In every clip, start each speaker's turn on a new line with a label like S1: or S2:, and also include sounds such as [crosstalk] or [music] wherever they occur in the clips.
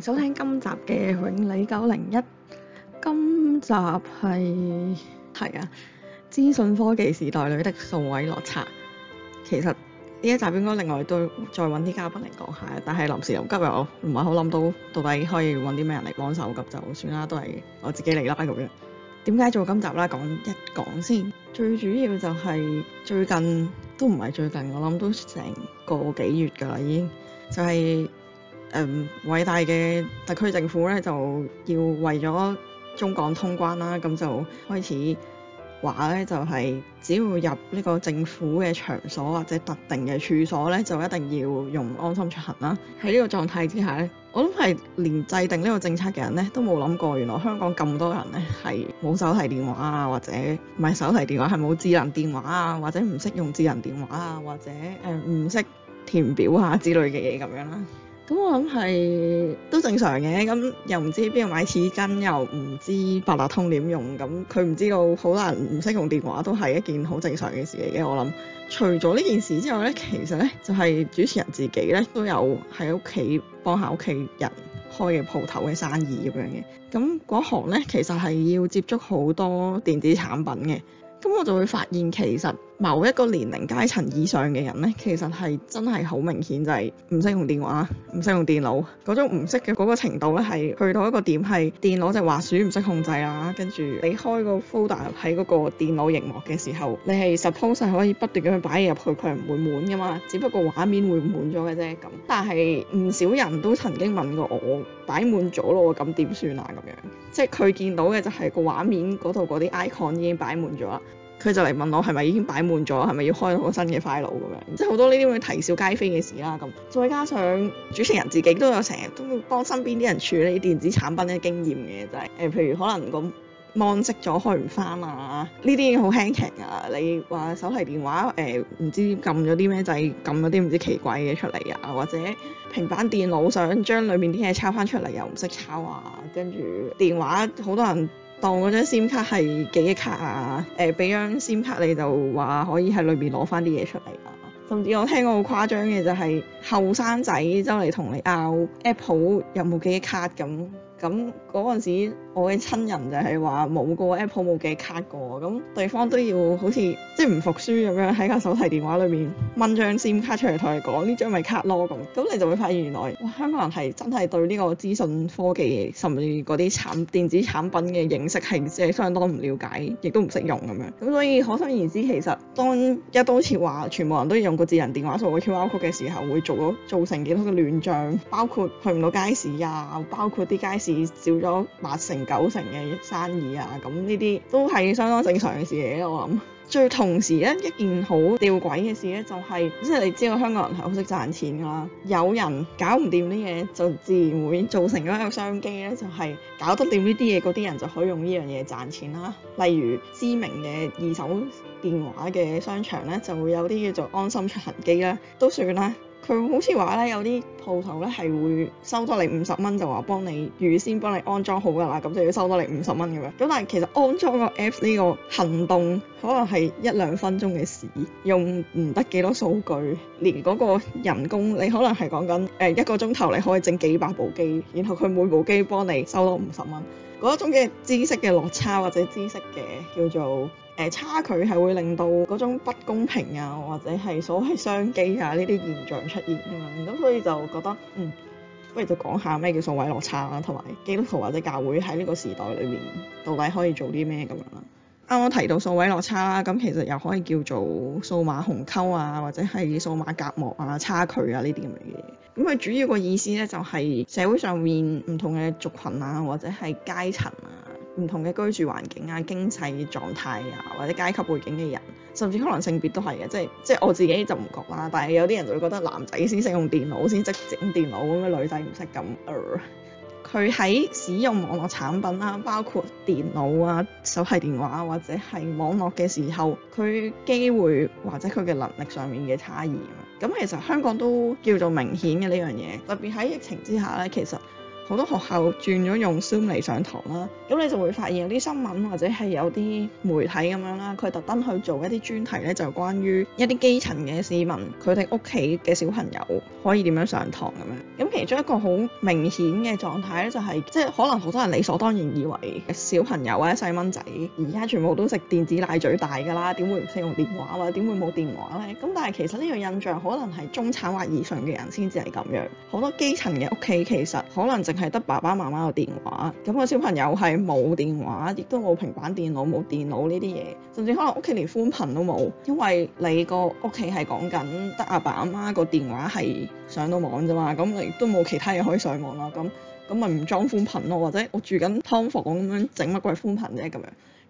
S1: 收聽今集嘅永禮九零一，今集係係啊資訊科技時代裏的數位落差。其實呢一集應該另外都再搵啲嘉賓嚟講下，但係臨時又急，又唔係好諗到到底可以搵啲咩人嚟幫手，咁就算啦，都係我自己嚟啦咁樣。點解做今集啦？講一講先，最主要就係最近都唔係最近，我諗都成個幾月噶啦，已經就係。誒、嗯、偉大嘅特區政府咧，就要為咗中港通關啦，咁就開始話咧，就係、是、只要入呢個政府嘅場所或者特定嘅處所咧，就一定要用安心出行啦。喺呢個狀態之下咧，我諗係連制定呢個政策嘅人咧都冇諗過，原來香港咁多人咧係冇手提電話啊，或者唔係手提電話係冇智能電話啊，或者唔識用智能電話啊，或者誒唔識填表啊之類嘅嘢咁樣啦。咁我諗係都正常嘅，咁又唔知邊度買紙巾，又唔知八達通點用，咁佢唔知道，好多人唔識用電話都係一件好正常嘅事嚟嘅。我諗除咗呢件事之外，呢其實呢就係主持人自己呢都有喺屋企幫下屋企人開嘅鋪頭嘅生意咁樣嘅。咁嗰行呢，其實係要接觸好多電子產品嘅，咁我就會發現其實。某一個年齡階層以上嘅人呢，其實係真係好明顯就係唔識用電話、唔識用電腦嗰種唔識嘅嗰個程度呢，係去到一個點係電腦就係滑鼠唔識控制啦。跟住你開個 folder 喺嗰個電腦熒幕嘅時候，你係 suppose 好可以不斷咁去擺入去，佢係唔會滿㗎嘛。只不過畫面會滿咗嘅啫。但係唔少人都曾經問過我，擺滿咗咯，咁點算啊？咁樣即係佢見到嘅就係個畫面嗰度嗰啲 icon 已經擺滿咗啦。佢就嚟問我係咪已經擺滿咗，係咪要開好新嘅 file 咁樣，即係好多呢啲咁嘅啼笑皆非嘅事啦咁。再加上主持人自己都有成日都會幫身邊啲人處理電子產品嘅經驗嘅，就係、是、誒，譬、呃、如可能個芒熄咗開唔翻啊，呢啲好輕型啊。你話手提電話誒唔、呃、知撳咗啲咩掣，撳咗啲唔知奇怪嘅出嚟啊，或者平板電腦想將裏面啲嘢抄翻出嚟又唔識抄啊，跟住電話好多人。當嗰張 SIM 卡係記憶卡啊，誒、呃、俾張 SIM 卡你就話可以喺裏面攞返啲嘢出嚟啊，甚至我聽過好誇張嘅就係，後生仔走嚟同你拗 Apple 有冇記憶卡咁、啊。咁陣時我嘅親人就係話冇個 Apple 冇嘅卡過，咁對方都要好似即係唔服輸咁樣，喺個手提電話裏面掹張 SIM 卡出嚟同你講呢張咪卡咯咁，咁你就會發現原來哇香港人係真係對呢個資訊科技甚至啲產電子產品嘅認識係即係相當唔了解，亦都唔識用咁樣咁，所以可想而知其實當一刀切話全部人都要用個智能電話掃個 QR code 嘅時候，會做咗造成幾多嘅亂象，包括去唔到街市啊，包括啲街市啊。照咗八成九成嘅生意啊，咁呢啲都係相當正常嘅事嚟。我諗。最同時咧，一件好吊詭嘅事咧、就是，就係即係你知道香港人係好識賺錢㗎啦，有人搞唔掂啲嘢，就自然會造成咗一個商機咧，就係、是、搞得掂呢啲嘢嗰啲人就可以用呢樣嘢賺錢啦。例如知名嘅二手電話嘅商場咧，就會有啲叫做安心出行機啦，都算啦。佢好似話咧，有啲鋪頭咧係會收多你五十蚊，就話幫你預先幫你安裝好㗎啦，咁就要收多你五十蚊咁樣。咁但係其實安裝個 app 呢個行動可能係一兩分鐘嘅事，用唔得幾多數據，連嗰個人工你可能係講緊誒一個鐘頭你可以整幾百部機，然後佢每部機幫你收多五十蚊，嗰種嘅知識嘅落差或者知識嘅叫做。誒差距係會令到嗰種不公平啊，或者係所謂商機啊呢啲現象出現㗎嘛，咁所以就覺得，嗯，不如就講下咩叫數位落差啦，同埋基督徒或者教會喺呢個時代裏面到底可以做啲咩咁樣啦。啱啱提到數位落差啦，咁其實又可以叫做數碼鴻溝啊，或者係數碼隔膜啊、差距啊呢啲咁嘅嘢。咁佢主要個意思咧就係社會上面唔同嘅族群啊，或者係階層啊。唔同嘅居住環境啊、經濟狀態啊，或者階級背景嘅人，甚至可能性別都係嘅，即係即係我自己就唔覺啦，但係有啲人就會覺得男仔先識用電腦，先識整電腦咁樣，女仔唔識咁。佢喺使用網絡產品啦，包括電腦啊、手提電話或者係網絡嘅時候，佢機會或者佢嘅能力上面嘅差異啊，咁其實香港都叫做明顯嘅呢樣嘢，特別喺疫情之下呢，其實。好多學校轉咗用 Zoom 嚟上堂啦，咁你就會發現有啲新聞或者係有啲媒體咁樣啦，佢特登去做一啲專題咧，就是，關於一啲基層嘅市民，佢哋屋企嘅小朋友可以點樣上堂咁樣。咁其中一個好明顯嘅狀態咧，就是，就係即係可能好多人理所當然以為小朋友或者細蚊仔而家全部都食電子奶嘴大㗎啦，點會唔識用電話啊？點會冇電話咧？咁但係其實呢個印象可能係中產或以上嘅人先至係咁樣。好多基層嘅屋企其實可能淨係，係得爸爸媽媽個電話，咁個小朋友係冇電話，亦都冇平板電腦、冇電腦呢啲嘢，甚至可能屋企連寬頻都冇，因為你個屋企係講緊得阿爸阿媽個電話係上到網咋嘛，咁你都冇其他嘢可以上網啦，咁咁咪唔裝寬頻咯，或者我住緊劏房咁樣整乜鬼寬頻啫咁樣。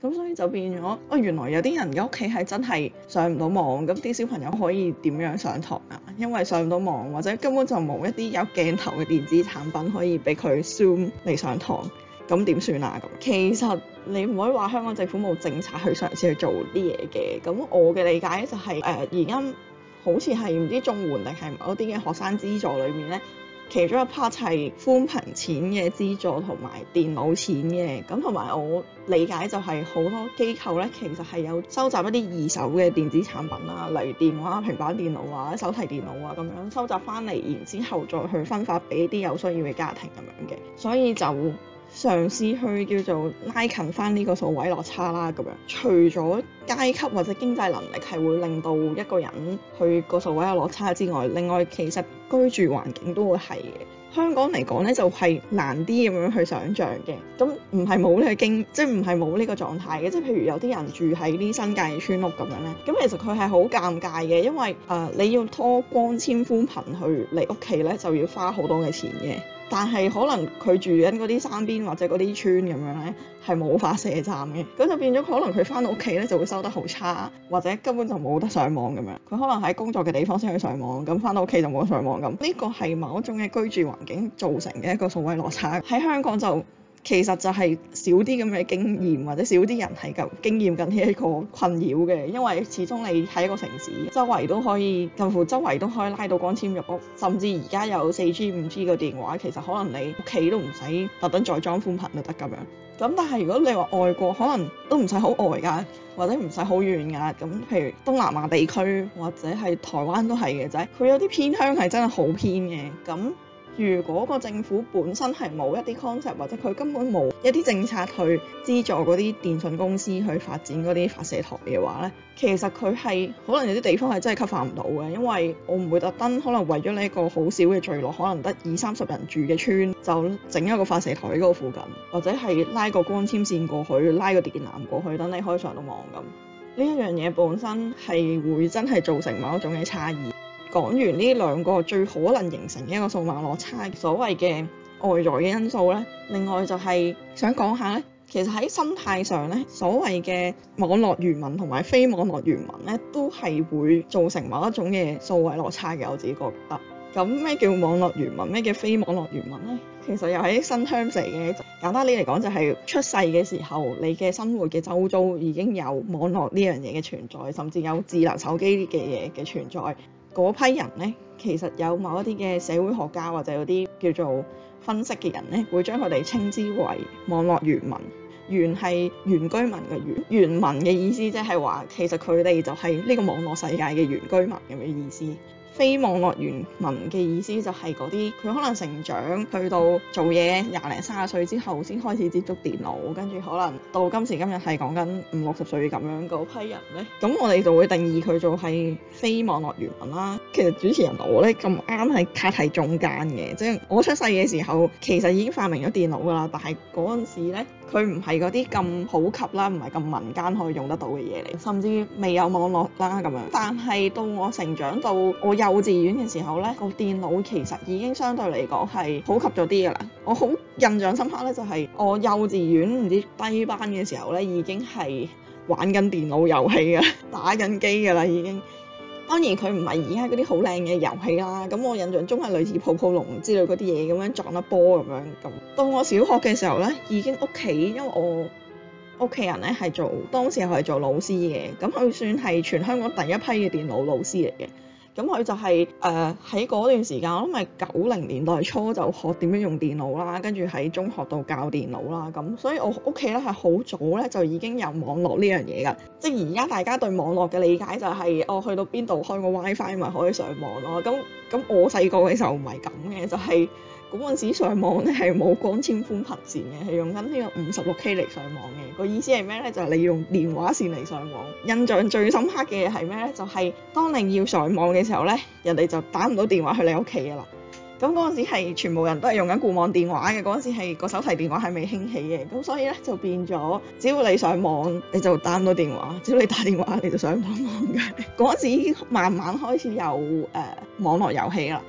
S1: 咁所以就變咗，哦，原來有啲人嘅屋企係真係上唔到網，咁啲小朋友可以點樣上堂啊？因為上唔到網或者根本就冇一啲有鏡頭嘅電子產品可以俾佢 Zoom 嚟上堂，咁點算啊？咁其實你唔可以話香港政府冇政策去嘗試去做啲嘢嘅。咁我嘅理解就係誒而家好似係唔知綜援定係某啲嘅學生資助裏面咧。其中一 part 係寬頻錢嘅資助同埋電腦錢嘅。咁同埋我理解就係好多機構呢，其實係有收集一啲二手嘅電子產品啦，例如電話、平板電腦啊、手提電腦啊咁樣收集翻嚟，然之後再去分發俾啲有需要嘅家庭咁樣嘅，所以就。嘗試去叫做拉近翻呢個數位落差啦，咁樣。除咗階級或者經濟能力係會令到一個人去個數位有落差之外，另外其實居住環境都會係嘅。香港嚟講呢，就係、是、難啲咁樣去想像嘅。咁唔係冇呢個經，即係唔係冇呢個狀態嘅。即係譬如有啲人住喺啲新界村屋咁樣呢，咁其實佢係好尷尬嘅，因為誒、呃、你要拖光纖寬頻去嚟屋企呢，就要花好多嘅錢嘅。但係可能佢住緊嗰啲山邊或者嗰啲村咁樣咧，係冇發射站嘅，咁就變咗可能佢翻到屋企咧就會收得好差，或者根本就冇得上網咁樣。佢可能喺工作嘅地方先去上網，咁翻到屋企就冇得上網咁。呢個係某一種嘅居住環境造成嘅一個數位落差喺香港就。其實就係少啲咁嘅經驗，或者少啲人係夠經驗緊呢一個困擾嘅，因為始終你喺一個城市，周圍都可以近乎周圍都可以拉到光纖入屋，甚至而家有四 G、五 G 個電話，其實可能你屋企都唔使特登再裝寬頻就得咁樣。咁但係如果你話外國，可能都唔使好外㗎，或者唔使好遠㗎。咁譬如東南亞地區或者係台灣都係嘅啫，佢有啲偏鄉係真係好偏嘅。咁如果個政府本身係冇一啲 concept，或者佢根本冇一啲政策去資助嗰啲電信公司去發展嗰啲發射台嘅話咧，其實佢係可能有啲地方係真係吸 o 唔到嘅，因為我唔會特登可能為咗呢一個好少嘅聚落，可能得二三十人住嘅村，就整一個發射台喺嗰個附近，或者係拉個光纖線過去，拉個電纜過去，等你開上到網咁。呢一樣嘢本身係會真係造成某一種嘅差異。講完呢兩個最可能形成一個數碼落差，所謂嘅外在嘅因素呢。另外就係想講下呢，其實喺心態上呢，所謂嘅網絡原民同埋非網絡原民呢，都係會造成某一種嘅數位落差嘅。我自己覺得咁，咩叫網絡原民，咩叫非網絡原民呢？其實又喺新 terms 嚟嘅，簡單啲嚟講就係出世嘅時候，你嘅生活嘅周遭已經有網絡呢樣嘢嘅存在，甚至有智能手機嘅嘢嘅存在。嗰批人呢，其實有某一啲嘅社會學家或者有啲叫做分析嘅人呢會將佢哋稱之為網絡原民，原係原居民嘅原，原民嘅意思即係話其實佢哋就係呢個網絡世界嘅原居民咁嘅意思。非網絡原民嘅意思就係嗰啲佢可能成長去到做嘢廿零卅歲之後先開始接觸電腦，跟住可能到今時今日係講緊五六十歲咁樣嗰批人咧，咁我哋就會定義佢做係非網絡原民啦。其實主持人我咧咁啱係卡喺中間嘅，即係我出世嘅時候其實已經發明咗電腦㗎啦，但係嗰陣時咧。佢唔係嗰啲咁普及啦，唔係咁民間可以用得到嘅嘢嚟，甚至未有網絡啦咁樣。但係到我成長到我幼稚園嘅時候呢，個電腦其實已經相對嚟講係普及咗啲㗎啦。我好印象深刻呢，就係我幼稚園唔知低班嘅時候呢，已經係玩緊電腦遊戲㗎啦，打緊機㗎啦已經。當然佢唔係而家嗰啲好靚嘅遊戲啦，咁我印象中係類似泡泡龍之類嗰啲嘢咁樣，撞粒波咁樣咁。到我小學嘅時候咧，已經屋企，因為我屋企人咧係做，當時係做老師嘅，咁佢算係全香港第一批嘅電腦老師嚟嘅。咁佢就係誒喺嗰段時間，我諗係九零年代初就學點樣用電腦啦，跟住喺中學度教電腦啦，咁所以我屋企咧係好早咧就已經有網絡呢樣嘢㗎。即係而家大家對網絡嘅理解就係、是、我、哦、去到邊度開個 WiFi 咪可以上網咯。咁咁我細個嘅時候唔係咁嘅，就係、是。嗰陣時上網咧係冇光纖寬頻線嘅，係用緊呢個五十六 K 嚟上網嘅。個意思係咩咧？就係你用電話線嚟上網。印象最深刻嘅係咩咧？就係當你要上網嘅時候咧，人哋就打唔到電話去你屋企㗎啦。咁嗰陣時係全部人都係用緊固網電話嘅，嗰陣時係個手提電話係未興起嘅，咁所以咧就變咗，只要你上網你就打唔到電話，只要你打電話你就上唔到網㗎。嗰陣時已經慢慢開始有誒、呃、網絡遊戲啦。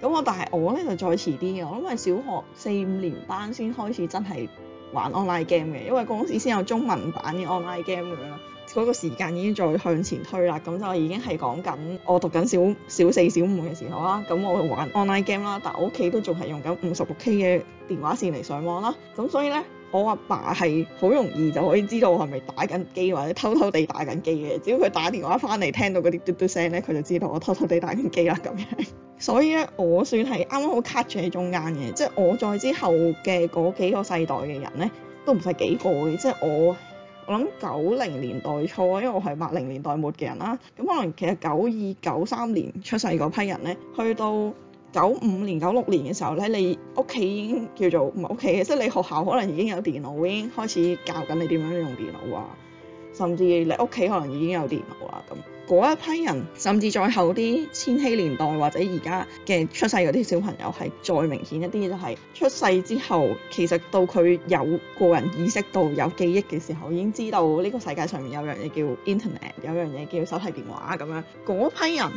S1: 咁我但係我咧就再遲啲嘅，我諗係小學四五年班先開始真係玩 online game 嘅，因為嗰陣時先有中文版嘅 online game 咁樣啦，嗰、嗰個時間已經再向前推啦，咁就已經係講緊我讀緊小小四小五嘅時候啦，咁我去玩 online game 啦，但我屋企都仲係用緊五十六 K 嘅電話線嚟上網啦，咁所以咧。我阿爸係好容易就可以知道我係咪打緊機或者偷偷地打緊機嘅，只要佢打電話一翻嚟聽到嗰啲嘟嘟聲咧，佢就知道我偷偷地打緊機啦咁樣。 [laughs] 所以咧，我算係啱啱好卡住喺中間嘅，即係我再之後嘅嗰幾個世代嘅人咧，都唔使幾個嘅。即係我，我諗九零年代初，因為我係八零年代末嘅人啦，咁可能其實九二九三年出世嗰批人咧，去到。九五年，九六年嘅時候咧，你屋企已經叫做唔係屋企嘅，即係、就是、你學校可能已經有電腦，已經開始教緊你點樣用電腦啊，甚至你屋企可能已經有電腦啊咁。嗰一批人，甚至再後啲千禧年代或者而家嘅出世嗰啲小朋友係再明顯一啲，就係、是、出世之後，其實到佢有個人意識到有記憶嘅時候，已經知道呢個世界上面有樣嘢叫 Internet，有樣嘢叫手提電話咁樣。嗰批人。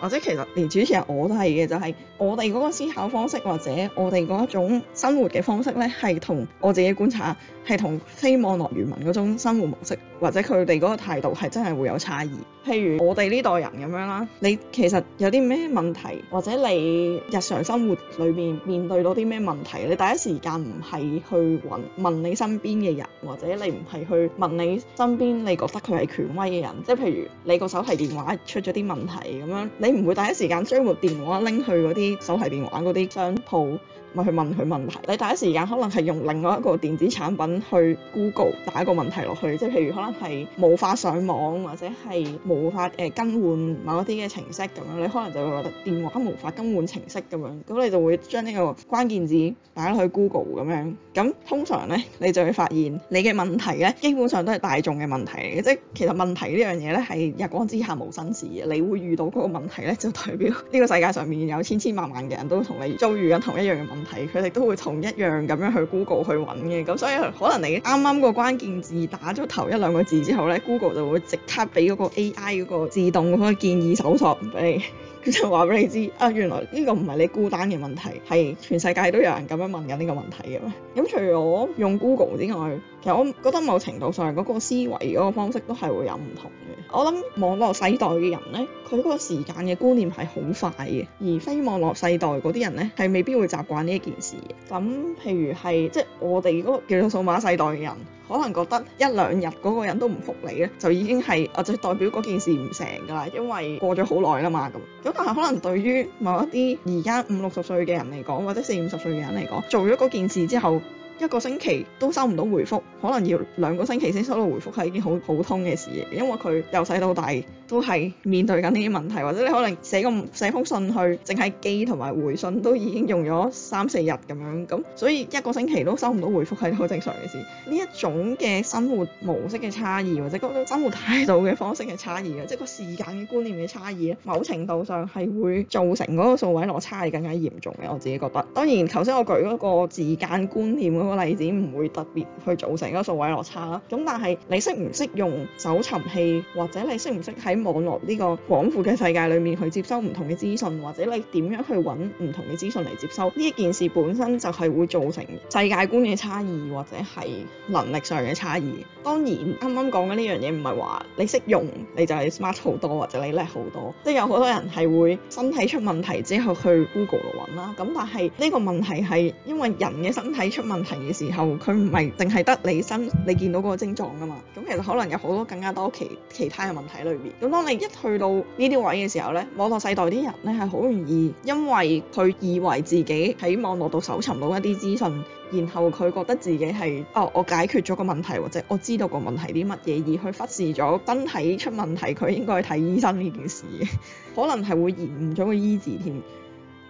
S1: 或者其實連主持人我都係嘅，就係我哋嗰個思考方式或者我哋嗰一種生活嘅方式咧，係同我自己觀察係同非網絡移民嗰種生活模式或者佢哋嗰個態度係真係會有差異，譬如我哋呢代人咁樣啦，你其實有啲咩問題，或者你日常生活裏面面面對到啲咩問題，你第一時間唔係去問問你身邊嘅人，或者你唔係去問你身邊你覺得佢係權威嘅人，即係譬如你個手提電話出咗啲問題，咁樣。你唔會第一時間將部電話拎去嗰啲手提電話嗰啲商鋪。咪去問佢問題。你第一時間可能係用另外一個電子產品去 Google 打一個問題落去，即係譬如可能係無法上網或者係無法誒、呃、更換某一啲嘅程式咁樣，你可能就會覺得電話無法更換程式咁樣，咁你就會將呢個關鍵字打落去 Google 咁樣。咁通常呢，你就會發現你嘅問題呢，基本上都係大眾嘅問題。即係其實問題呢樣嘢呢，係日光之下無新事。你會遇到嗰個問題呢，就代表呢個世界上面有千千萬萬嘅人都同你遭遇緊同一樣嘅問題。問題佢哋都會同一樣咁樣去 Google 去揾嘅，咁所以可能你啱啱個關鍵字打咗頭一兩個字之後咧，Google 就會即刻俾嗰個 AI 嗰個自動嗰個建議搜索俾你。就話俾你知啊，原來呢個唔係你孤單嘅問題，係全世界都有人咁樣問緊呢個問題嘅。咁 [laughs] 除咗用 Google 之外，其實我覺得某程度上嗰個思維嗰個方式都係會有唔同嘅。我諗網絡世代嘅人咧，佢嗰個時間嘅觀念係好快嘅，而非網絡世代嗰啲人咧係未必會習慣呢一件事嘅。咁譬如係即係我哋嗰個叫做數碼世代嘅人。可能覺得一兩日嗰個人都唔復你咧，就已經係我就代表嗰件事唔成㗎啦，因為過咗好耐啦嘛咁。咁但係可能對於某一啲而家五六十歲嘅人嚟講，或者四五十歲嘅人嚟講，做咗嗰件事之後，一個星期都收唔到回覆，可能要兩個星期先收到回覆係一件好普通嘅事，因為佢由細到大都係面對緊呢啲問題，或者你可能寫個，寫封信去，淨係寄同埋回信都已經用咗三四日咁樣，咁所以一個星期都收唔到回覆係好正常嘅事。呢一種嘅生活模式嘅差異，或者嗰個生活態度嘅方式嘅差異啊，即係個時間嘅觀念嘅差異啊，某程度上係會造成嗰個數位落差係更加嚴重嘅。我自己覺得，當然頭先我舉嗰個時間觀念個例子唔會特別去造成一個數位落差啦。咁但係你識唔識用搜尋器，或者你識唔識喺網絡呢個廣闊嘅世界裏面去接收唔同嘅資訊，或者你點樣去揾唔同嘅資訊嚟接收，呢一件事本身就係會造成世界觀嘅差異，或者係能力上嘅差異。當然，啱啱講嘅呢樣嘢唔係話你識用你就係 smart 好多，或者你叻好多。即係有好多人係會身體出問題之後去 Google 嚟揾啦。咁但係呢個問題係因為人嘅身體出問題，嘅時候，佢唔係淨係得你身，你見到嗰個症狀㗎嘛。咁其實可能有好多更加多其其他嘅問題裏面。咁當你一去到呢啲位嘅時候呢，網絡世代啲人呢係好容易，因為佢以為自己喺網絡度搜尋到一啲資訊，然後佢覺得自己係哦、啊，我解決咗個問題或者我知道個問題啲乜嘢，而去忽視咗身體出問題佢應該去睇醫生呢件事，可能係會延誤咗個醫治添。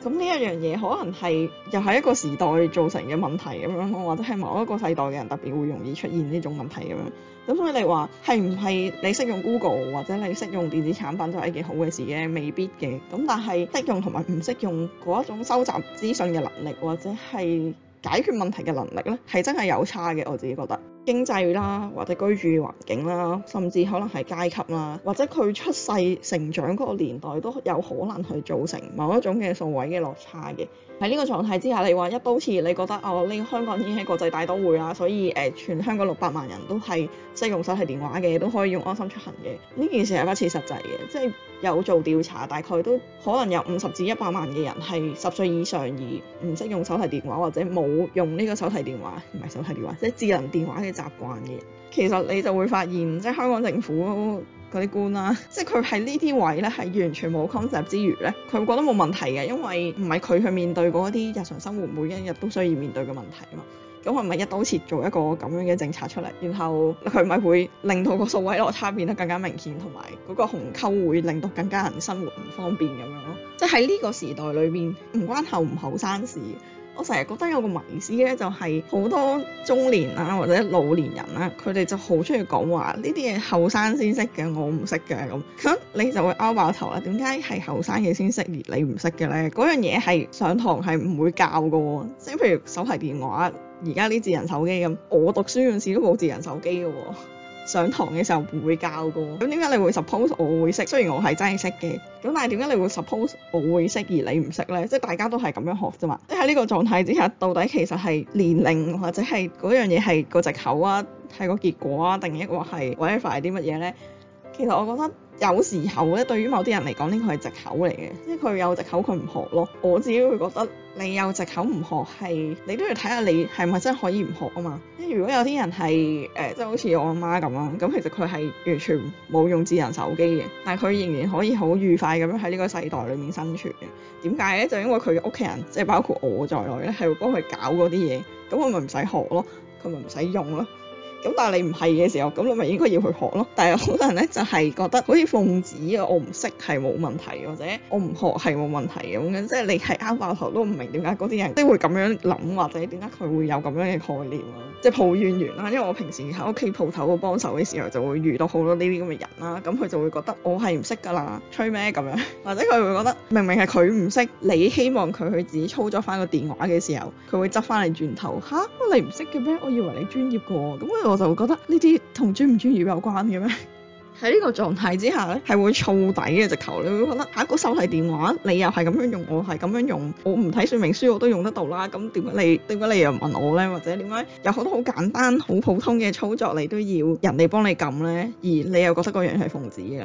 S1: 咁呢一樣嘢可能係又係一個時代造成嘅問題，咁，或者係某一個世代嘅人特別會容易出現呢種問題咁樣。咁所以你話係唔係你識用 Google 或者你識用電子產品都係件好嘅事嘅？未必嘅。咁但係識用同埋唔識用嗰一種收集資訊嘅能力或者係解決問題嘅能力呢，係真係有差嘅。我自己覺得。經濟啦，或者居住環境啦，甚至可能係階級啦，或者佢出世成長嗰個年代都有可能去造成某一種嘅數位嘅落差嘅。喺呢個狀態之下，你話一刀切，你覺得哦呢香港已經係國際大都會啦，所以誒、呃、全香港六百萬人都係識用手提電話嘅，都可以用安心出行嘅。呢件事係不切實際嘅，即係有做調查，大概都可能有五十至一百萬嘅人係十歲以上而唔識用手提電話，或者冇用呢個手提電話，唔係手提電話，即係智能電話嘅。習慣嘅其實你就會發現，即係香港政府嗰啲官啦、啊，即係佢喺呢啲位咧，係完全冇 concept 之餘咧，佢覺得冇問題嘅，因為唔係佢去面對過啲日常生活每一日都需要面對嘅問題啊嘛。咁佢咪一刀切做一個咁樣嘅政策出嚟，然後佢咪會令到個數位落差變得更加明顯，同埋嗰個鴻溝會令到更加人生活唔方便咁樣咯。即係喺呢個時代裏面，唔關後唔後生事。我成日覺得有個迷思咧，就係好多中年啊或者老年人啦，佢哋就好中意講話呢啲嘢後生先識嘅，我唔識嘅咁，你就會拗爆頭啦。點解係後生嘅先識，而你唔識嘅咧？嗰樣嘢係上堂係唔會教噶喎。即係譬如手提電話，而家啲智能手機咁，我讀書嗰陣時都冇智能手機㗎喎。上堂嘅時候唔會教嘅，咁點解你會 suppose 我會識？雖然我係真係識嘅，咁但係點解你會 suppose 我會識而你唔識呢？即係大家都係咁樣學啫嘛。即喺呢個狀態之下，到底其實係年齡或者係嗰樣嘢係個藉口啊，係個結果啊，定抑或係 whatever 啲乜嘢呢？其實我覺得。有時候咧，對於某啲人嚟講呢個係藉口嚟嘅，即係佢有藉口佢唔學咯。我自己會覺得你有藉口唔學係，你都要睇下你係咪真係可以唔學啊嘛。因為如果有啲人係誒，即、呃、係好似我阿媽咁樣，咁其實佢係完全冇用智能手機嘅，但係佢仍然可以好愉快咁樣喺呢個世代裏面生存嘅。點解咧？就因為佢屋企人即係包括我在內咧，係會幫佢搞嗰啲嘢，咁佢咪唔使學咯，佢咪唔使用咯。咁但係你唔係嘅時候，咁我咪應該要去學咯。但係好多人咧就係覺得好似奉旨啊，我唔識係冇問題，或者我唔學係冇問題咁樣。即係你係啱爆頭都唔明點解嗰啲人都會咁樣諗，或者點解佢會有咁樣嘅概念啊？即係抱怨完啦，因為我平時喺屋企鋪頭度幫手嘅時候，就會遇到好多呢啲咁嘅人啦。咁佢就會覺得我係唔識㗎啦，吹咩咁樣？或者佢會覺得明明係佢唔識，你希望佢去自己操作翻個電話嘅時候，佢會執翻嚟轉頭嚇、啊，你唔識嘅咩？我以為你專業㗎咁我就會覺得呢啲同專唔專業有關嘅咩？喺 [laughs] 呢個狀態之下咧，係會燥底嘅直頭。你會覺得下一個手提電話，你又係咁樣用，我係咁樣用，我唔睇說明書我都用得到啦。咁點解你點解你又問我咧？或者點解有好多好簡單、好普通嘅操作你都要人哋幫你撳咧？而你又覺得嗰樣係奉旨嘅。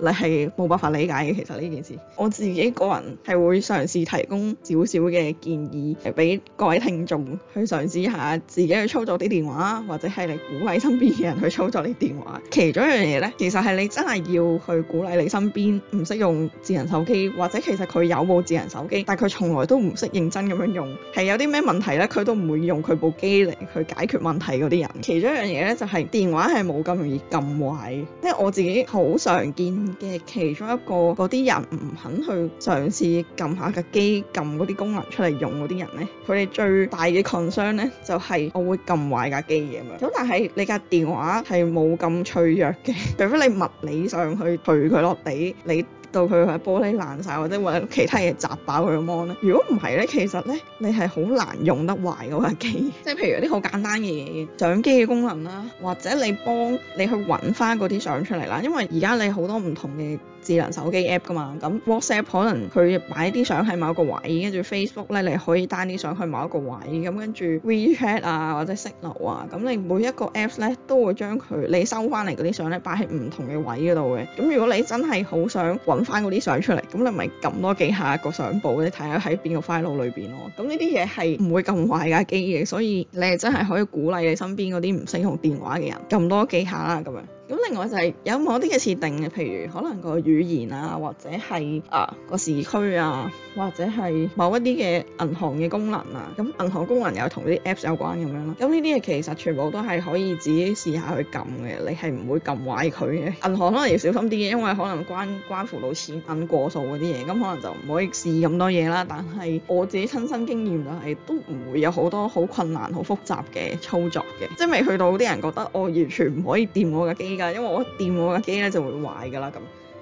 S1: 你係冇辦法理解嘅，其實呢件事。我自己個人係會嘗試提供少少嘅建議，係俾各位聽眾去嘗試下，自己去操作啲電話，或者係你鼓勵身邊嘅人去操作啲電話。其中一樣嘢咧，其實係你真係要去鼓勵你身邊唔識用智能手機，或者其實佢有部智能手機，但係佢從來都唔識認真咁樣用，係有啲咩問題咧，佢都唔會用佢部機嚟去解決問題嗰啲人。其中一樣嘢咧，就係電話係冇咁容易撳壞，即係我自己好常見。嘅其中一個，嗰啲人唔肯去嘗試撳下架機，撳嗰啲功能出嚟用嗰啲人咧，佢哋最大嘅 concern 咧就係、是、我會撳壞架機咁樣。咁但係你架電話係冇咁脆弱嘅，除非你物理上去掟佢落地，你。到佢個玻璃爛曬，或者會有其他嘢砸爆佢個屏幕咧。如果唔係咧，其實咧你係好難用得壞嗰架機。即 [laughs] 係譬如啲好簡單嘅相機嘅功能啦，或者你幫你去揾返嗰啲相出嚟啦。因為而家你好多唔同嘅。智能手機 app 㗎嘛，咁 WhatsApp 可能佢擺啲相喺某一個位，跟住 Facebook 咧，你可以 down 啲相去某一個位，咁跟住 WeChat 啊或者息流啊，咁你每一個 app 咧都會將佢你收翻嚟嗰啲相咧擺喺唔同嘅位嗰度嘅。咁如果你真係好想揾翻嗰啲相出嚟，咁你咪撳多幾下個相簿，你睇下喺邊個 file 裏邊咯。咁呢啲嘢係唔會咁壞架機嘅，所以你係真係可以鼓勵你身邊嗰啲唔識用電話嘅人撳多幾下啦，咁樣。咁另外就係有某啲嘅設定嘅，譬如可能個語言啊，或者係啊個時區啊，或者係某一啲嘅銀行嘅功能啊，咁銀行功能又同啲 Apps 有關咁樣咯。咁呢啲嘢其實全部都係可以自己試下去撳嘅，你係唔會撳壞佢嘅。銀行可能要小心啲嘅，因為可能關關乎到錢銀過數嗰啲嘢，咁可能就唔可以試咁多嘢啦。但係我自己親身經驗就係、是、都唔會有好多好困難、好複雜嘅操作嘅，即係未去到啲人覺得我完全唔可以掂我嘅基因為我掂我嘅機咧就會壞噶啦，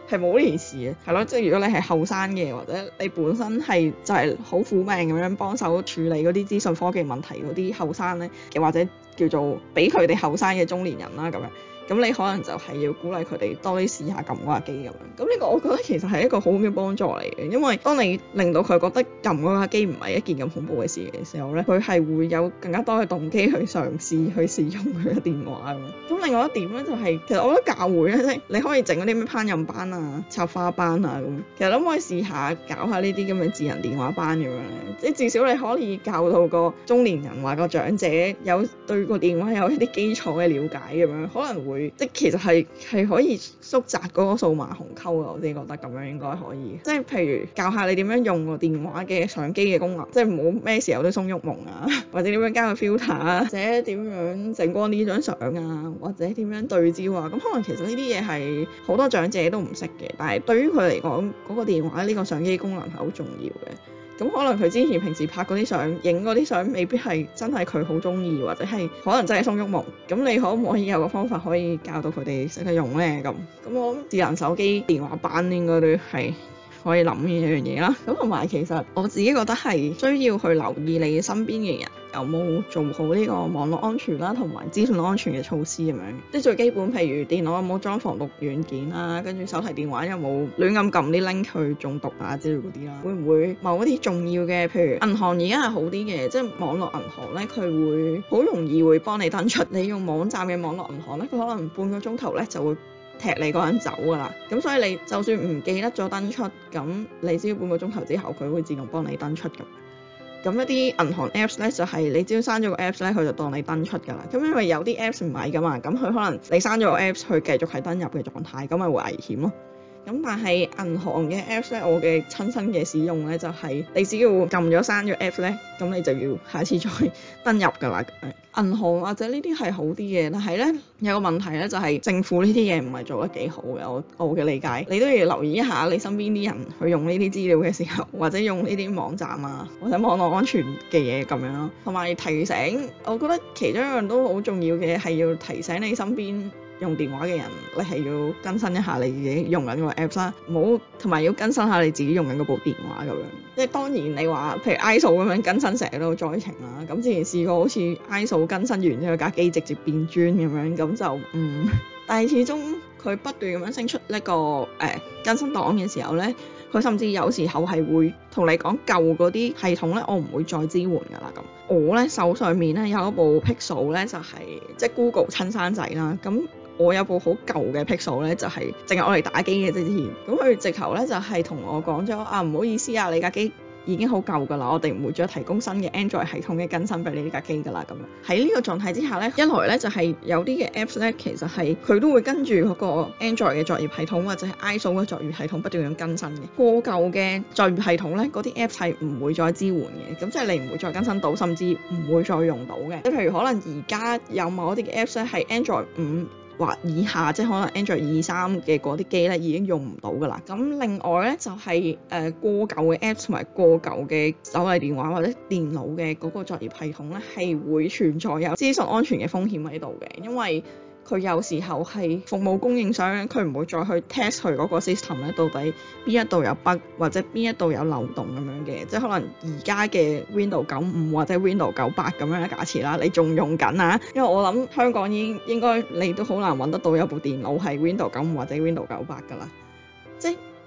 S1: 咁係冇呢件事嘅。係咯，即係如果你係後生嘅，或者你本身係就係好苦命咁樣幫手處理嗰啲資訊科技問題嗰啲後生咧，又或者叫做俾佢哋後生嘅中年人啦咁樣。咁你可能就係要鼓勵佢哋多啲試下撳嗰下機咁樣。咁呢個我覺得其實係一個好好嘅幫助嚟嘅，因為當你令到佢覺得撳嗰下機唔係一件咁恐怖嘅事嘅時候咧，佢係會有更加多嘅動機去嘗試去試用佢嘅電話咁。咁另外一點咧就係，其實我覺得教會咧，即係你可以整嗰啲咩烹飪班啊、插花班啊咁，其實可唔可以試下搞下呢啲咁嘅智能電話班咁樣咧？即係至少你可以教到個中年人或者個長者有對個電話有一啲基礎嘅了解咁樣，可能會。即其實係係可以縮窄嗰個數碼鴻溝嘅，我自己覺得咁樣應該可以。即係譬如教下你點樣用個電話嘅相機嘅功能，即係唔好咩時候都鬆郁矇啊，或者點樣加個 filter 啊，或者點樣整光呢張相啊，或者點樣對焦啊。咁可能其實呢啲嘢係好多長者都唔識嘅，但係對於佢嚟講，嗰個電話呢個相機功能係好重要嘅。咁可能佢之前平時拍嗰啲相，影嗰啲相未必係真係佢好鍾意，或者係可能真係送祝福。咁你可唔可以有個方法可以教到佢哋識得用呢？咁我諗智能手機電話版應該都係，可以諗嘅一樣嘢啦，咁同埋其實我自己覺得係需要去留意你身邊嘅人有冇做好呢個網絡安全啦，同埋資訊安全嘅措施咁樣。即係最基本，譬如電腦有冇裝防毒軟件啦，跟住手提電話有冇亂咁撳啲 link 去中毒啊之類嗰啲啦，會唔會某一啲重要嘅，譬如銀行而家係好啲嘅，即係網絡銀行咧，佢會好容易會幫你登出。你用網站嘅網絡銀行咧，佢可能半個鐘頭咧就會。踢你個人走㗎啦，咁所以你就算唔記得咗登出，咁你只要半個鐘頭之後，佢會自動幫你登出㗎。咁一啲銀行 Apps 咧就係你只要刪咗個 Apps 咧，佢就當你登出㗎啦。咁因為有啲 Apps 唔係㗎嘛，咁佢可能你刪咗個 Apps，佢繼續係登入嘅狀態，咁咪會危險咯。咁但係銀行嘅 app 咧，我嘅親身嘅使用咧，就係你只要撳咗刪咗 app 咧，咁你就要下次再登入㗎啦。哎。銀行或者呢啲係好啲嘅，但係咧有個問題咧，就係政府呢啲嘢唔係做得幾好嘅。我我嘅理解，你都要留意一下你身邊啲人去用呢啲資料嘅時候，或者用呢啲網站啊，或者網絡安全嘅嘢咁樣咯。同埋提醒，我覺得其中一樣都好重要嘅係要提醒你身邊。用電話嘅人，你係要更新一下你自己用緊個 app 啦、啊，唔好同埋要更新下你自己用緊嗰部電話咁樣。即、就、係、是、當然你話譬如 iOS 咁樣更新成日都有災情啦，咁、啊、之前試過好似 iOS 更新完之後，架機直接變磚咁樣，咁就嗯，但係始終佢不斷咁樣升出呢、這個誒、欸、更新檔嘅時候呢，佢甚至有時候係會同你講舊嗰啲系統呢，我唔會再支援㗎啦咁。我呢，手上面呢有一部 Pixel 呢，就係、是、即係、就是、Google 親生仔啦，咁。我有部好舊嘅 Pixel 咧，就係淨係我嚟打機嘅啫。之前咁佢直頭咧就係同我講咗啊，唔好意思啊，你架機已經好舊㗎啦，我哋唔會再提供新嘅 Android 系統嘅更新俾你呢架機㗎啦。咁樣喺呢個狀態之下咧，一來咧就係有啲嘅 Apps 咧，其實係佢都會跟住個 Android 嘅作業系統或者係 iOS 嘅作業系統不斷咁更新嘅。過舊嘅作業系統咧，嗰啲 Apps 係唔會再支援嘅，咁即係你唔會再更新到，甚至唔會再用到嘅。你譬如可能而家有某一啲嘅 Apps 咧，係 Android 五，或以下，即係可能 Android 二三嘅嗰啲機咧已經用唔到噶啦。咁另外咧就係、是、誒、呃、過舊嘅 apps 同埋過舊嘅手提電話或者電腦嘅嗰個作業系統咧係會存在有資訊安全嘅風險喺度嘅，因為。佢有時候係服務供應商，佢唔會再去 test 佢嗰個 system 咧，到底邊一度有 bug 或者邊一度有漏洞咁樣嘅，即係可能而家嘅 Window 九五或者 Window 九八咁樣嘅，假設啦，你仲用緊啊？因為我諗香港應應該你都好難揾得到有部電腦係 Window 九五或者 Window 九八㗎啦。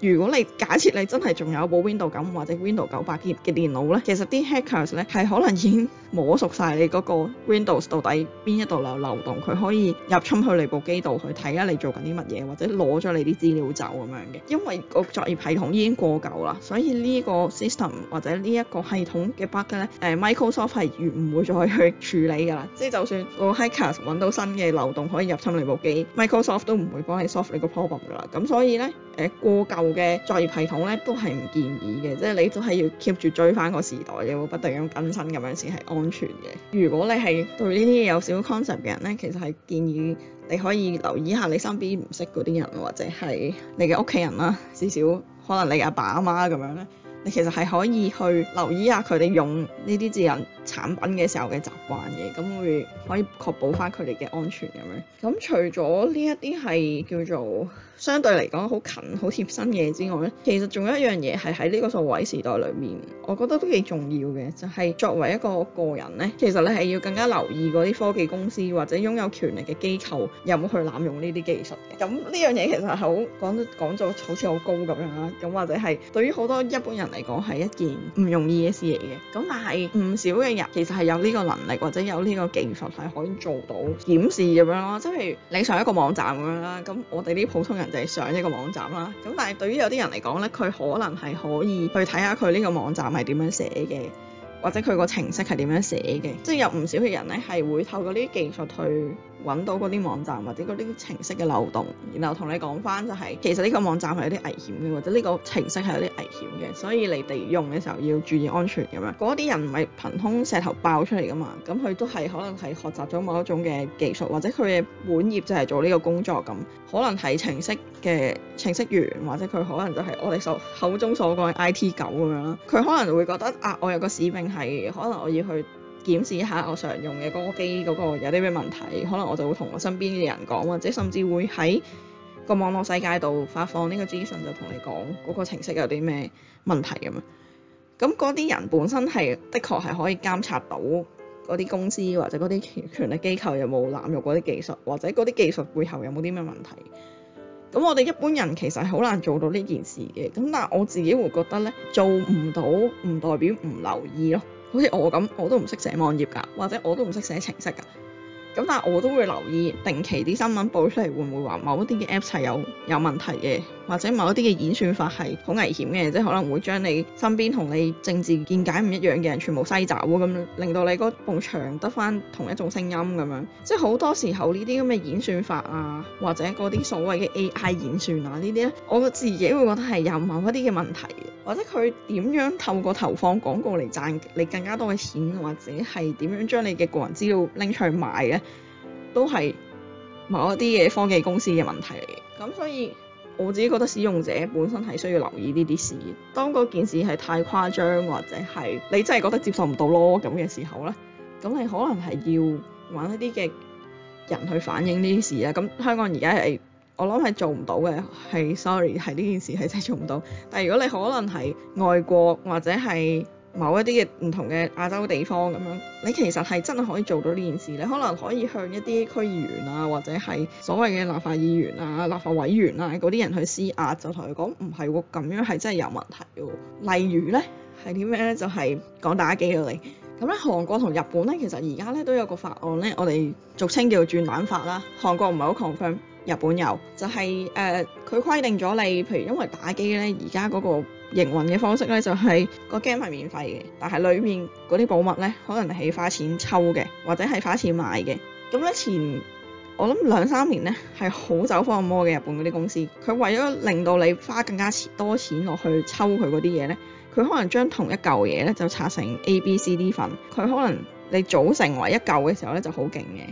S1: 如果你假設你真係仲有一部 Windows 九五或者 Windows 九八嘅嘅電腦咧，其實啲 hackers 咧係可能已經摸熟晒你嗰個 Windows 到底邊一度有漏洞，佢可以入侵去你部機度去睇下你做緊啲乜嘢或者攞咗你啲資料走咁樣嘅，因為個作業系統已經過舊啦，所以呢個 system 或者呢一個系統嘅 bug 咧，誒 Microsoft 係越唔會再去處理㗎啦。即係就算個 hackers 揾到新嘅漏洞可以入侵你部機，Microsoft 都唔會幫你 solve 你個 problem 噶啦。咁所以咧誒過舊嘅作業系統咧都係唔建議嘅，即係你都係要 keep 住追翻個時代，會不斷咁更新咁樣先係安全嘅。如果你係對呢啲有少 concept 嘅人咧，其實係建議你可以留意下你身邊唔識嗰啲人，或者係你嘅屋企人啦，至少可能你阿爸阿媽咁樣咧，你其實係可以去留意下佢哋用呢啲智能產品嘅時候嘅習慣嘅，咁會可以確保翻佢哋嘅安全咁樣。咁除咗呢一啲係叫做。相對嚟講好近好貼身嘅之外咧，其實仲有一樣嘢係喺呢個數位時代裡面，我覺得都幾重要嘅，就係、是、作為一個個人呢，其實你係要更加留意嗰啲科技公司或者擁有權力嘅機構有冇去濫用呢啲技術嘅。咁呢樣嘢其實講講好講得咗好似好高咁樣啦，咁或者係對於好多一般人嚟講係一件唔容易嘅事嚟嘅。咁但係唔少嘅人其實係有呢個能力或者有呢個技術係可以做到檢視咁樣咯，即係譬如你上一個網站咁樣啦，咁我哋啲普通人。就係上一個網站啦，咁但係對於有啲人嚟講咧，佢可能係可以去睇下佢呢個網站係點樣寫嘅，或者佢個程式係點樣寫嘅，即係有唔少嘅人咧係會透過呢啲技術去。揾到嗰啲網站或者嗰啲程式嘅漏洞，然後同你講翻就係、是、其實呢個網站係有啲危險嘅，或者呢個程式係有啲危險嘅，所以你哋用嘅時候要注意安全咁樣。嗰啲人唔係憑空石頭爆出嚟噶嘛，咁佢都係可能係學習咗某一種嘅技術或者佢嘅本業就係做呢個工作咁，可能係程式嘅程式員或者佢可能就係我哋所口中所講嘅 I T 狗咁樣啦。佢可能會覺得啊，我有個使命係可能我要去。檢視一下我常用嘅歌機嗰個有啲咩問題，可能我就會同我身邊嘅人講，或者甚至會喺個網絡世界度發放呢個資訊，就同你講嗰個程式有啲咩問題咁啊。咁嗰啲人本身係的確係可以監察到嗰啲公司或者嗰啲權力機構有冇濫用嗰啲技術，或者嗰啲技術背後有冇啲咩問題。咁我哋一般人其實係好難做到呢件事嘅。咁但係我自己會覺得呢做唔到唔代表唔留意咯。好似我咁，我都唔識寫網頁噶，或者我都唔識寫程式噶。咁但係我都會留意定期啲新聞報出嚟會唔會話，某一啲嘅 app 係有有問題嘅，或者某一啲嘅演算法係好危險嘅，即係可能會將你身邊同你政治見解唔一樣嘅人全部篩走咁，令到你嗰埲牆得翻同一種聲音咁樣，即係好多時候呢啲咁嘅演算法啊，或者嗰啲所謂嘅 AI 演算啊呢啲咧，我自己會覺得係有某一啲嘅問題的，或者佢點樣透過投放廣告嚟賺你更加多嘅錢，或者係點樣將你嘅個人資料拎出去賣咧？都係某一啲嘅科技公司嘅問題嚟，咁所以我自己覺得使用者本身係需要留意呢啲事。當嗰件事係太誇張或者係你真係覺得接受唔到咯咁嘅時候咧，咁你可能係要搵一啲嘅人去反映呢啲事啦。咁香港而家係我諗係做唔到嘅，係 sorry，係呢件事係真係做唔到。但係如果你可能係外國或者係。某一啲嘅唔同嘅亞洲地方咁樣，你其實係真係可以做到呢件事，你可能可以向一啲區議員啊，或者係所謂嘅立法議員啊、立法委員啊嗰啲人去施壓，就同佢講唔係喎，咁樣係真係有問題喎。例如咧係點咩咧，就係、是、講打機嗰，你咁咧韓國同日本咧，其實而家咧都有個法案咧，我哋俗稱叫做轉蛋法啦。韓國唔係好 confirm，日本有，就係誒佢規定咗你，譬如因為打機咧，而家嗰個。營運嘅方式咧就係個 game 係免費嘅，但係裏面嗰啲寶物咧可能係花錢抽嘅，或者係花錢買嘅。咁咧前我諗兩三年咧係好走火入魔嘅日本嗰啲公司，佢為咗令到你花更加多錢落去抽佢嗰啲嘢咧，佢可能將同一嚿嘢咧就拆成 A、B、C、D 份。佢可能你組成為一嚿嘅時候咧就好勁嘅，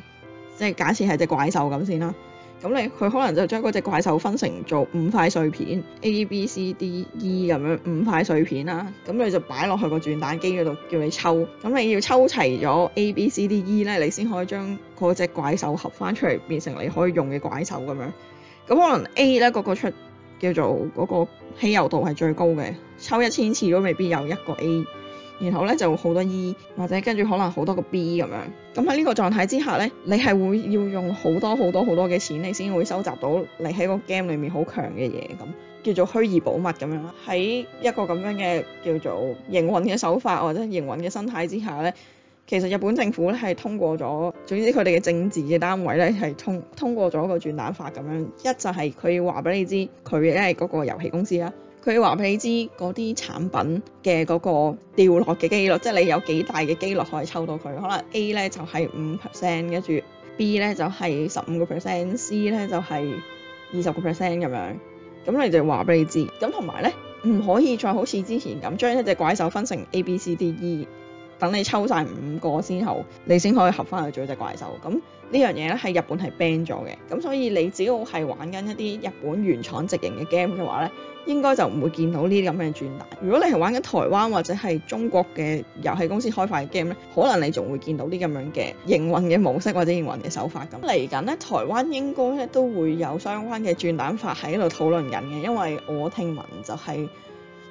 S1: 即係假設係隻怪獸咁先啦。咁你佢可能就將嗰隻怪獸分成做五塊碎片 A、B、C、D、E 咁樣五塊碎片啦，咁你就擺落去個轉蛋機嗰度叫你抽，咁你要抽齊咗 A、B、C、D、E 咧，你先可以將嗰隻怪獸合翻出嚟變成你可以用嘅怪獸咁樣。咁可能 A 咧嗰個出叫做嗰個稀有度係最高嘅，抽一千次都未必有一個 A。然後呢，就好多 E 或者跟住可能好多個 B 咁樣，咁喺呢個狀態之下呢，你係會要用好多好多好多嘅錢，你先會收集到你喺個 game 裡面好強嘅嘢，咁叫做虛擬寶物。咁樣啦。喺一個咁樣嘅叫做營運嘅手法或者營運嘅生態之下呢，其實日本政府咧係通過咗，總之佢哋嘅政治嘅單位咧係通通過咗個轉蛋法咁樣，一就係佢要話俾你知，佢即係嗰個遊戲公司啦。佢話俾你知嗰啲產品嘅嗰個掉落嘅機率，即係你有幾大嘅機率可以抽到佢。可能 A 呢就係五 percent，跟住 B 呢就係十五個 percent，C 呢就係二十個 percent 咁樣。咁你就話俾你知。咁同埋呢，唔可以再好似之前咁將一隻怪獸分成 A、B、C、D、E。等你抽晒五個之後，你先可以合翻去做隻怪獸。咁呢樣嘢咧喺日本係 ban 咗嘅，咁所以你只要係玩緊一啲日本原廠直營嘅 game 嘅話咧，應該就唔會見到呢啲咁嘅轉蛋。如果你係玩緊台灣或者係中國嘅遊戲公司開發嘅 game 咧，可能你仲會見到啲咁樣嘅營運嘅模式或者營運嘅手法。咁嚟緊咧，台灣應該咧都會有相關嘅轉蛋法喺度討論緊嘅，因為我聽聞就係、是。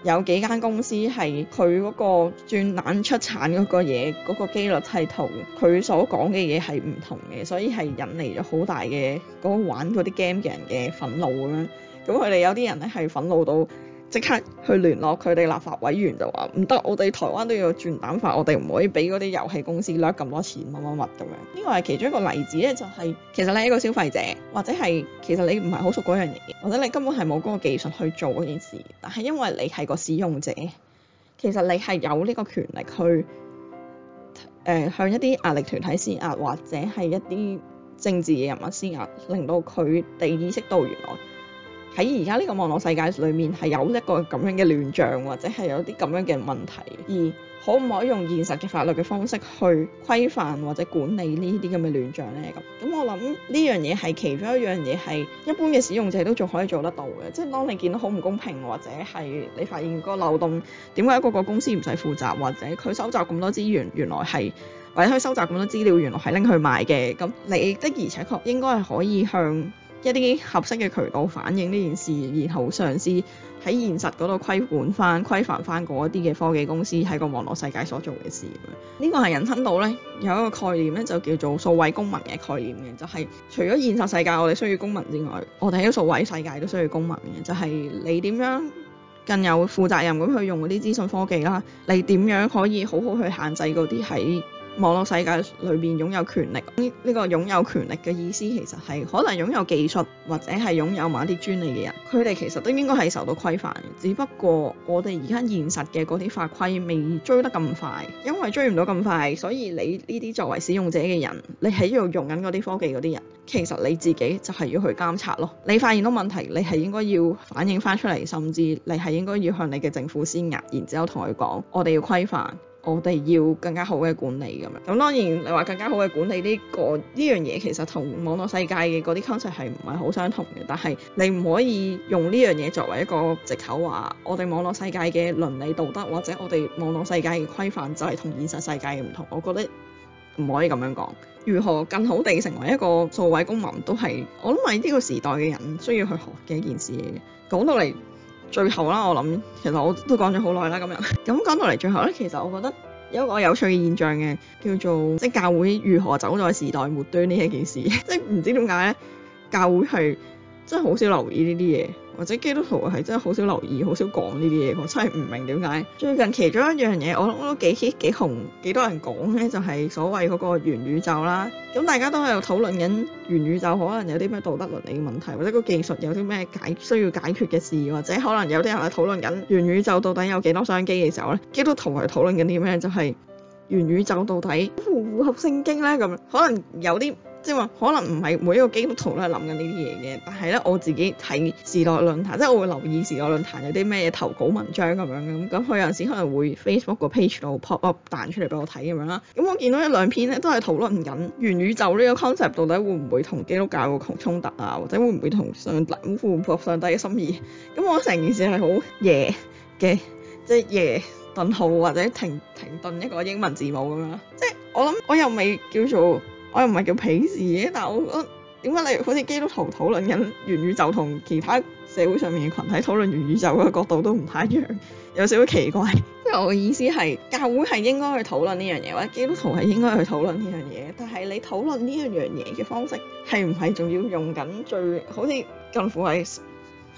S1: 有幾間公司係佢嗰個轉蛋出產嗰個嘢，嗰個機率係同佢所講嘅嘢係唔同嘅，所以係引嚟咗好大嘅嗰個玩嗰啲 game 嘅人嘅憤怒咁樣。咁佢哋有啲人咧係憤怒到。即刻去聯絡佢哋立法委員，就話唔得，我哋台灣都要轉蛋法，我哋唔可以俾嗰啲遊戲公司掠咁多錢乜乜乜咁樣。呢個係其中一個例子咧，就係、是、其實你係一個消費者，或者係其實你唔係好熟嗰樣嘢，或者你根本係冇嗰個技術去做嗰件事，但係因為你係個使用者，其實你係有呢個權力去誒、呃、向一啲壓力團體施壓，或者係一啲政治嘅人物施壓，令到佢哋意識到原來。喺而家呢個網絡世界裏面係有一個咁樣嘅亂象，或者係有啲咁樣嘅問題，而可唔可以用現實嘅法律嘅方式去規範或者管理呢啲咁嘅亂象呢？咁咁我諗呢樣嘢係其中一樣嘢係一般嘅使用者都仲可以做得到嘅，即係當你見到好唔公平，或者係你發現個漏洞，點解個個公司唔使負責，或者佢收集咁多資源原來係，或者佢收集咁多資料原來係拎去賣嘅，咁你的而且確應該係可以向。一啲合適嘅渠道反映呢件事，然後嘗試喺現實嗰度規管翻、規範翻嗰一啲嘅科技公司喺個網絡世界所做嘅事、這個、呢個係引申到咧有一個概念咧就叫做數位公民嘅概念嘅，就係、是、除咗現實世界我哋需要公民之外，我哋喺數位世界都需要公民嘅，就係、是、你點樣更有負責任咁去用嗰啲資訊科技啦，你點樣可以好好去限制嗰啲喺網絡世界裏面擁有權力呢？呢、呢個擁有權力嘅意思其實係可能擁有技術或者係擁有某啲專利嘅人，佢哋其實都應該係受到規範。只不過我哋而家現實嘅嗰啲法規未追得咁快，因為追唔到咁快，所以你呢啲作為使用者嘅人，你喺度用緊嗰啲科技嗰啲人，其實你自己就係要去監察咯。你發現到問題，你係應該要反映翻出嚟，甚至你係應該要向你嘅政府施壓，然之後同佢講，我哋要規範。我哋要更加好嘅管理，咁樣，咁當然你話更加好嘅管理呢個呢樣嘢，其實同網絡世界嘅嗰啲 concept 係唔係好相同嘅，但係你唔可以用呢樣嘢作為一個藉口話我哋網絡世界嘅倫理道德或者我哋網絡世界嘅規範就係同現實世界嘅唔同，我覺得唔可以咁樣講。如何更好地成為一個數位公民都係我諗係呢個時代嘅人需要去學嘅一件事嚟嘅。講到嚟。最後啦，我諗其實我都講咗好耐啦，今日，咁樣咁講到嚟最後咧，其實我覺得有一個有趣嘅現象嘅，叫做即係教會如何走咗去時代末端呢一件事， [laughs] 即係唔知點解咧，教會係真係好少留意呢啲嘢。或者基督徒係真係好少留意，好少講呢啲嘢，我真係唔明點解。最近其中一樣嘢，我覺得幾 hit、幾紅、幾多人講咧，就係所謂嗰個元宇宙啦。咁大家都喺度討論緊元宇宙可能有啲咩道德倫理嘅問題，或者個技術有啲咩解需要解決嘅事，或者可能有啲人喺度討論緊元宇宙到底有幾多商機嘅時候呢，基督徒喺度討論緊啲咩？就係元宇宙到底符唔符合聖經呢？咁可能有啲。即係話可能唔係每一個基督徒都係諗緊呢啲嘢嘅，但係咧我自己睇時代論壇，即係我會留意時代論壇有啲咩嘢投稿文章咁樣嘅，咁佢有陣時可能會 Facebook 個 page 度 pop up 彈出嚟俾我睇咁樣啦。咁我見到一兩篇咧都係討論緊元宇宙呢個 concept 到底會唔會同基督教個衝突啊，或者會唔會同上唔符合上帝嘅心意？咁我成件事係好夜嘅，即係夜頓號或者停停頓一個英文字母咁樣。即係我諗我又未叫做。我又唔係叫鄙視嘅，但我覺得點解例如好似基督徒討論緊元宇宙同其他社會上面嘅群體討論元宇宙嘅角度都唔太一樣，有少少奇怪。因為 [laughs] 我嘅意思係，教會係應該去討論呢樣嘢，或者基督徒係應該去討論呢樣嘢，但係你討論呢樣嘢嘅方式係唔係仲要用緊最好似近乎係？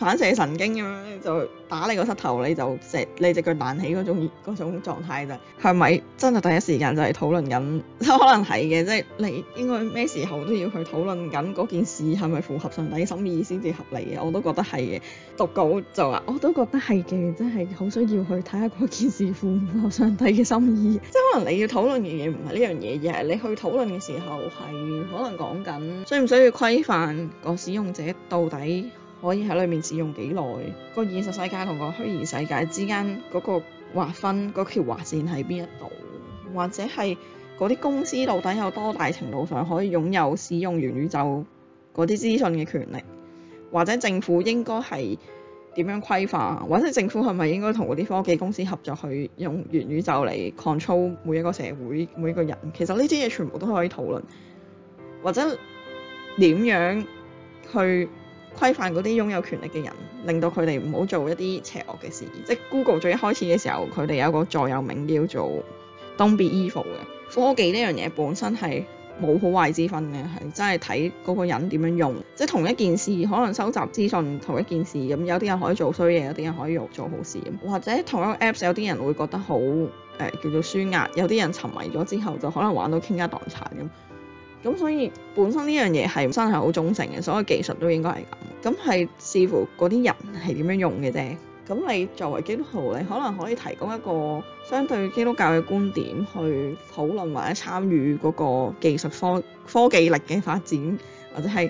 S1: 反射神經咁樣就打你個膝頭，你就隻你隻腳彈起嗰種嗰種狀態就係咪真係第一時間就係討論緊？可能係嘅，即係你應該咩時候都要去討論緊嗰件事係咪符合上帝心意先至合理嘅？我都覺得係嘅。讀稿就話我都覺得係嘅，真係好需要去睇下嗰件事符唔符合上帝嘅心意。即係可能你要討論嘅嘢唔係呢樣嘢，而係你去討論嘅時候係可能講緊需唔需要規範個使用者到底。可以喺裏面使用幾耐？個現實世界同個虛擬世界之間嗰個劃分嗰條劃線喺邊一度？或者係嗰啲公司到底有多大程度上可以擁有使用元宇宙嗰啲資訊嘅權力？或者政府應該係點樣規劃？或者政府係咪應該同嗰啲科技公司合作去用元宇宙嚟 control 每一個社會、每一個人？其實呢啲嘢全部都可以討論。或者點樣去？規範嗰啲擁有權力嘅人，令到佢哋唔好做一啲邪惡嘅事。即係 Google 最一開始嘅時候，佢哋有個座右銘叫做 Don’t be evil 嘅。科技呢樣嘢本身係冇好壞之分嘅，係真係睇嗰個人點樣用。即係同一件事，可能收集資訊同一件事咁，有啲人可以做衰嘢，有啲人可以做好事咁。或者同一個 Apps，有啲人會覺得好誒、呃、叫做舒壓，有啲人沉迷咗之後就可能玩到傾家蕩產咁。咁所以本身呢樣嘢係真係好忠誠嘅，所有技術都應該係咁。咁係視乎嗰啲人係點樣用嘅啫。咁你作為基督徒，你可能可以提供一個相對基督教嘅觀點去討論或者參與嗰個技術科科技力嘅發展，或者係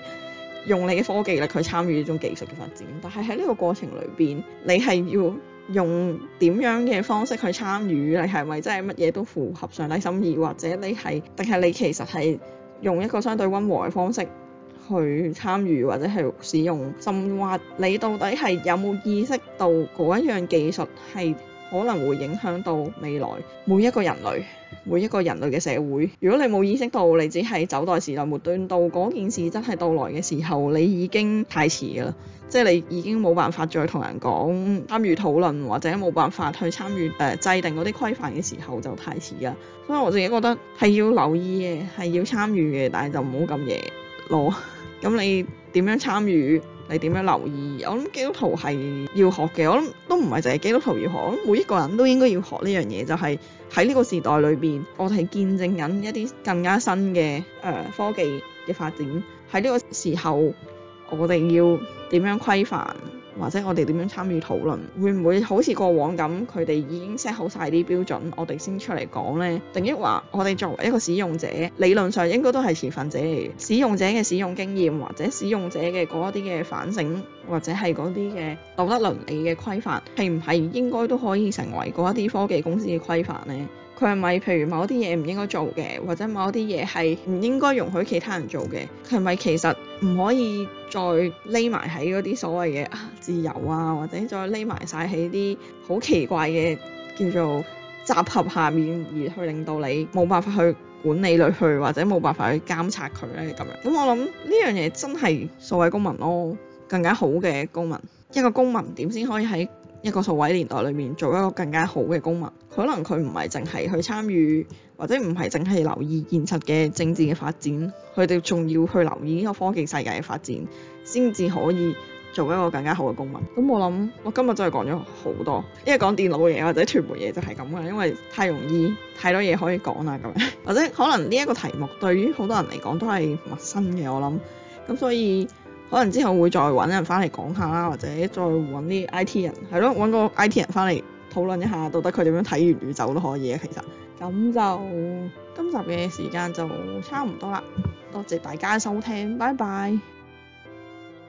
S1: 用你嘅科技力去參與呢種技術嘅發展。但係喺呢個過程裏邊，你係要用點樣嘅方式去參與，你係咪真係乜嘢都符合上帝心意？或者你係定係你其實係。用一個相對溫和嘅方式去參與，或者係使用甚或你到底係有冇意識到嗰一樣技術係可能會影響到未來每一個人類，每一個人類嘅社會。如果你冇意識到，你只係走代時代末端到嗰件事真係到來嘅時候，你已經太遲㗎喇。即係你已經冇辦法再同人講參與討論，或者冇辦法去參與、呃、制定嗰啲規範嘅時候，就太遲啦。所以我自己覺得係要留意嘅，係要參與嘅，但係就唔好咁夜囉。咁、哦、你點樣參與？你點樣留意？我諗基督徒係要學嘅，我諗都唔係淨係基督徒要學，我諗每一個人都應該要學呢樣嘢，就係喺呢個時代裏邊，我哋係見證緊一啲更加新嘅誒、呃、科技嘅發展，喺呢個時候，我哋要點樣規範？或者我哋點樣參與討論，會唔會好似過往咁佢哋已經 set 好晒啲標準，我哋先出嚟講呢？定抑話我哋作為一個使用者，理論上應該都係持份者嚟嘅。使用者嘅使用經驗或者使用者嘅嗰一啲嘅反省，或者係嗰啲嘅道德倫理嘅規範，係唔係應該都可以成為嗰一啲科技公司嘅規範呢？佢係咪譬如某啲嘢唔應該做嘅，或者某啲嘢係唔應該容許其他人做嘅？佢係咪其實唔可以再匿埋喺嗰啲所謂嘅自由啊，或者再匿埋晒喺啲好奇怪嘅叫做集合下面，而去令到你冇辦法去管理你去，或者冇辦法去監察佢呢？咁樣？咁我諗呢樣嘢真係所謂公民咯，更加好嘅公民。一個公民點先可以喺一個數位年代裏面做一個更加好嘅公民，可能佢唔係淨係去參與，或者唔係淨係留意現實嘅政治嘅發展，佢哋仲要去留意呢個科技世界嘅發展，先至可以做一個更加好嘅公民。咁我諗我今日真係講咗好多，因為講電腦嘢或者傳媒嘢就係咁噶啦，因為太容易太多嘢可以講啦咁樣， [laughs] 或者可能呢一個題目對於好多人嚟講都係陌生嘅，我諗，咁所以。可能之後會再揾人返嚟講下啦，或者再揾啲 IT 人，係囉，揾個 IT 人返嚟討論一下，到底佢點樣睇完宇宙都可以。其實，咁就今集嘅時間就差唔多啦，多謝大家收聽，拜拜。